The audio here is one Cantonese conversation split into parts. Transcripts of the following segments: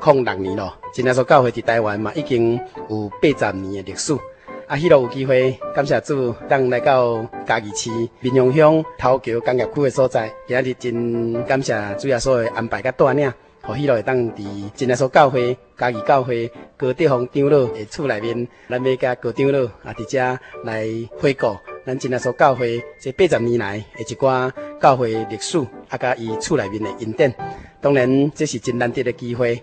控六年咯，真耶穌教會佇台灣嘛已經有八十年的歷史。啊，希羅有機會，感謝主當來到嘉義市民雄鄉頭橋工業區嘅所在，也是真感謝主耶穌嘅安排甲帶領，讓希羅會當佇真耶穌教會嘉義教會高德風長老嘅厝內面，咱每家高長老啊佇遮來回顧咱真耶穌教會這八十年來嘅一寡教會歷史，啊，甲伊厝內面的恩典。當然，這是真難得嘅機會。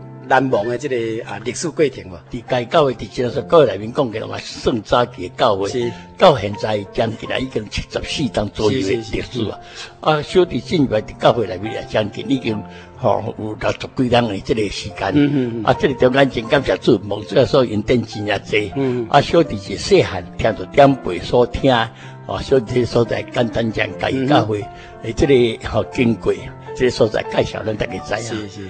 難忘的這個啊歷史過程嘛，佇介教的，佇蔣介石教會內面講嘅話，算早期嘅教會，到是現在將近啦，已經七十四年左右的歷史 啊。啊，小弟進入教會內面啊，將近已經吼有六十幾年嘅這個時間。啊，這，這個點咱情感十足，毛主席所用頂真也多。啊、哦，小弟是細漢聽到長輩所聽啊，小弟所在簡單，嘉義教會，誒，這個好經過，即所在介紹人大家知啊。是是是是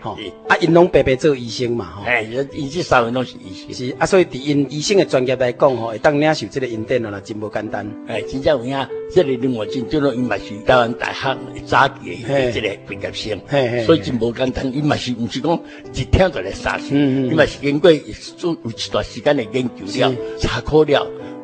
吼，哦、是啊，因攏白白做醫生嘛，哎、哦，醫、欸、即三位攏是醫生，是啊，所以佇因醫生嘅專業來講吼，當領袖即個認定啦，真無簡單。哎、欸，真正有影，即個另外真對咯，伊、就、嘛、是、是台灣大學早期嘅即個畢業生，欸、所以真無簡單，伊嘛、欸、是唔是講一跳就來殺死，伊嘛、嗯、是經過做有一段時間嘅研究了、查考是了。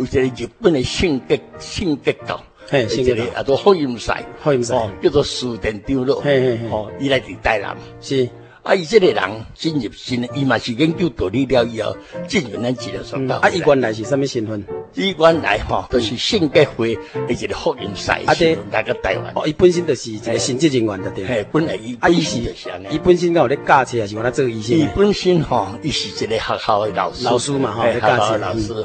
有一個日本嘅先激先激黨，即福音做福音曬，叫做書定雕落，哦，佢嚟自台南，是啊，伊呢個人進入先，伊嘛是研究道理了以後，進入呢治療所。啊，伊原來是什麼身份？伊原來吼就是先激會嘅一個福音曬，啊，即係那台灣，王，伊本身就是一個神職人員，嚇，係本伊啊，伊是伊本身喺度教書也是話佢做醫生。伊本身吼伊是一個學校嘅老師，老師嘛，嚇，學校嘅老師。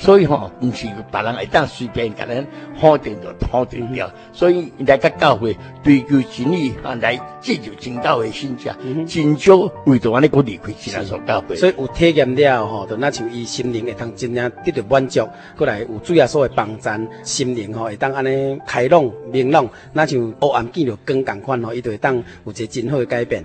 所以吼、哦、唔是別人會當隨便給人否定咗、否定掉，掉。所以大家教會追求真理，來在追求真教的信者，嗯、哼真少為咗安尼個離開。所以有體驗了吼，就那就伊心靈會當真正得到滿足，過來有主要所嘅幫助，心靈吼會當安尼開朗、明朗，那像黑暗見到光同款吼，伊就會當有一個真好的改變。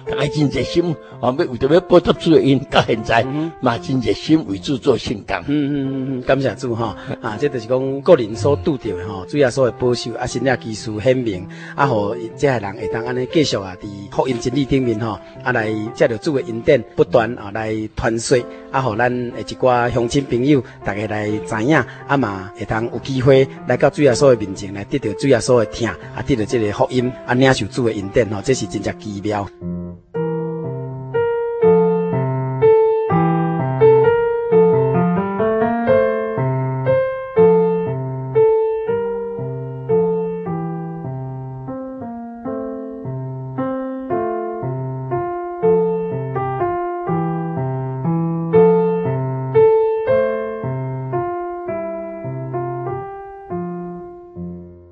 大家真熱心，我、啊、為着要播得出音，到現在嘛真熱心為主作聖工，感謝主哈、啊！啊，這就是講各人所拄著的哈、哦，主耶穌的保守啊，新嘢技術顯明，啊，和、嗯啊、這下人會當安尼繼續啊，佇福音真理頂面哈，啊，啊來藉著主嘅恩典不斷啊來傳水，啊，和咱一寡鄉親朋友大家來知影，啊，嘛會當有機會來到主耶穌嘅面前來得到主耶穌嘅聽，啊，得到這個福音啊，領受主嘅恩典哈、啊，這是真正奇妙。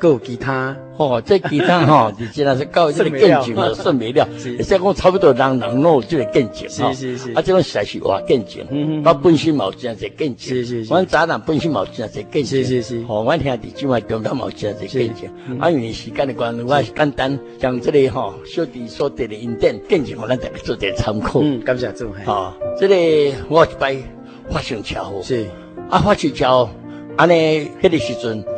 夠其他，哦，這其他哈，你雖然是搞這個見證嘛，算沒了，你再講差不多，當兩弄就個見證，是是是，啊這種小事哇見證嗯，把本身冇這樣子見證，我早前本身冇這樣子見證，是是是，好，我兄弟今晚剛剛冇這樣子見證，啊，因為時間的關係，我簡單將這裏哈，小弟所得的印證見證我來大家做點參考，嗯，感謝主，好，這裏我一擺發生車禍，是，啊，發生車禍啊呢，迄個時陣。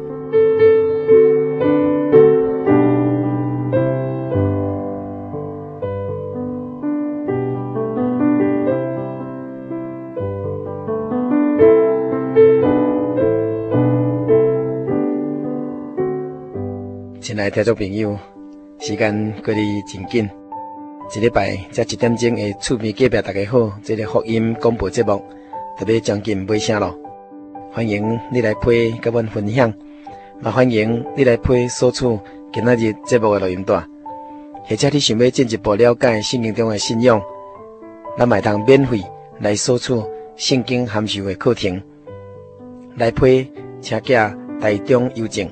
聽眾朋友，時間過得真緊，一禮拜才一點鐘誒，厝邊隔壁大家好，這個福音廣播節目特別將近尾聲了，歡迎你來配跟阮分享，也歡迎你來配所處今日節目嘅錄音帶，或者你想要進一步了解聖經中嘅信仰，咱嘛會通免費來所處聖經函授嘅課程，來配車架台中郵政。